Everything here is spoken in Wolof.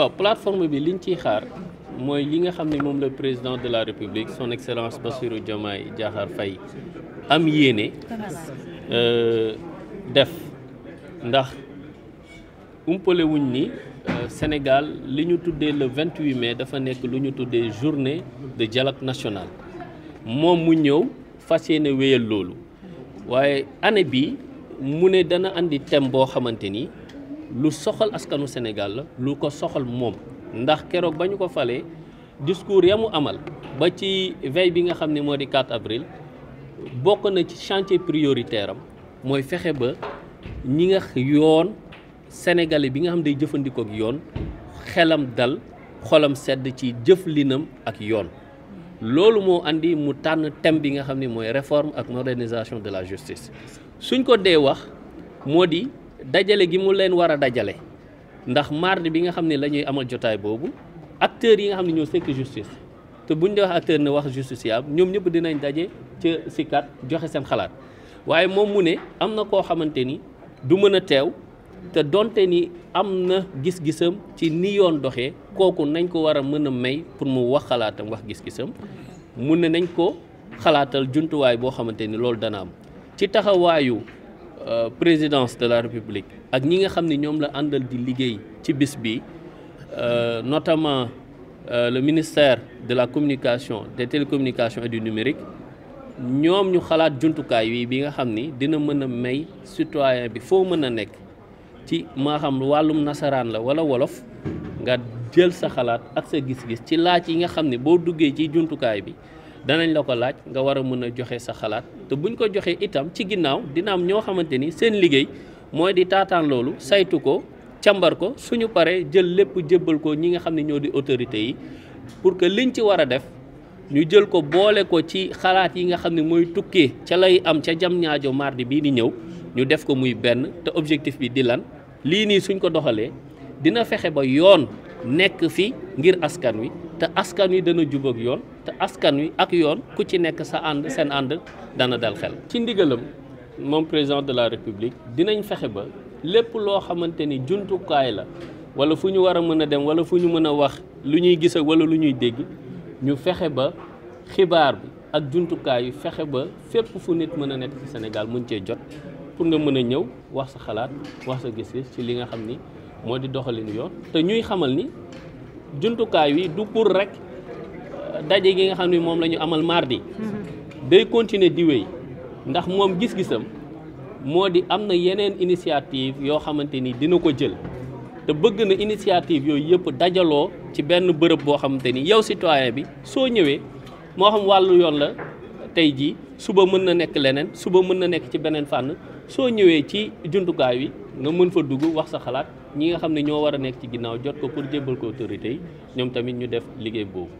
waaw plateforme bi liñ ciy xaar mooy li nga xam ne moom la président de la république son excellence Bassirou Diomaye Diakhar Faye am yéene euh, def ndax umpale wuñ ni euh, Sénégal li ñu tuddee le 28 mai dafa nekk lu ñu tuddee journée de dialogue nationale moom mu ñëw fas yéene wéyal loolu waaye année bi mu ne dana indi thème boo xamante ni lu soxal askanu Sénégal la lu ko soxal moom ndax keroog ba ñu ko falee discours ya mu amal ba ci veille bi nga xam ni moo di 4 avril bokk na ci chantier prioritaire am mooy fexe ba ñi nga yoon sénégalais bi nga xam day jëfandikoo yoon xelam dal xolam sedd ci jëflinam ak yoon loolu moo indi mu tànn thème bi nga xam ne mooy réforme ak modernisation de la justice suñ ko dee wax moo di dajale gi mu leen war a dajale ndax mardi bi nga xam ne lañuy amal jotaay boobu acteurs yi nga xam ne ñoo sekk justice te buñ dee wax acteur ne wax justiciable ñoom ñëpp dinañ daje ca sikkat joxe seen xalaat waaye moom mu ne am na koo xamante ni du mën a teew te donte ni am na gis-gisam ci ni yoon doxee kooku nañ ko war a mën a may pour mu wax xalaatam wax gis-gisam mun ne nañ ko xalaatal jumtuwaay boo xamante ni loolu dana am ci taxawaayu Euh, présidence de la république ak ñi nga xam ne ñoom la àndal di liggéey ci bis bi euh, notamment euh, le ministère de la communication de télécommunications et du numérique ñoom ñu xalaat jumtukaay yi bi nga xam ni dina mën a may citoyen bi foo mën a nekk ci maa xam wàllum nasaraan la walla wolof nga jël sa xalaat ak sa gis-gis ci laaj yi nga xam ne boo duggee ci jumtukaay bi danañ la ko laaj nga war a mën a joxe sa xalaat te buñ ko joxee itam ci ginnaaw dina am ñoo xamante ni seen liggéey mooy di taataan loolu saytu ko cambar ko suñu paree jël lépp jébbal ko ñi nga xam ne ñoo di autorités yi pour que liñ ci war a def ñu jël ko boole ko ci xalaat yi nga xam ne mooy tukkee ca lay am ca jam ñaajo mardi bii di ñëw ñu def ko muy benn te objectif bi di lan lii nii suñ ko doxalee dina fexe ba yoon nekk fi ngir askan wi te askan wi dana jub yoon te askan wi ak yoon ku ci nekk sa ànd seen ànd dana dal xel. ci ndigalam moom président de la république dinañ fexe ba lépp loo xamante ni jumtukaay la wala fu ñu war a mën a dem wala fu ñu mën a wax lu ñuy gis ak wala lu ñuy dégg ñu fexe ba xibaar bi ak jumtukaay yu fexe ba fépp fu nit mën a nekk ci Sénégal mën cee jot pour nga mën a ñëw wax sa xalaat wax sa gis-gis ci li nga xam ni. moo di doxalinu yoon te ñuy xamal ni jumtukaay wi du pour rek euh, daje gi nga xam ne moom lañu amal mardi. Mm-hmm. day continuer di wéy ndax moom gis-gisam moo di am na yeneen initiative yoo xamante ni dina ko jël te bëgg na initiative yooyu yëpp dajaloo ci benn bërëb boo xamante ni yow citoyen bi soo ñëwee moo xam wàllu yoon la tey jii suba mën na nekk leneen suba mën na nekk ci beneen fànn soo ñëwee ci jumtukaay wi. nga mën fa dugg wax sa xalaat ñi nga xam ne ñoo war a nekk ci ginnaaw jot ko pour jébbal ko autorité yi ñoom tamit ñu def liggéey boobu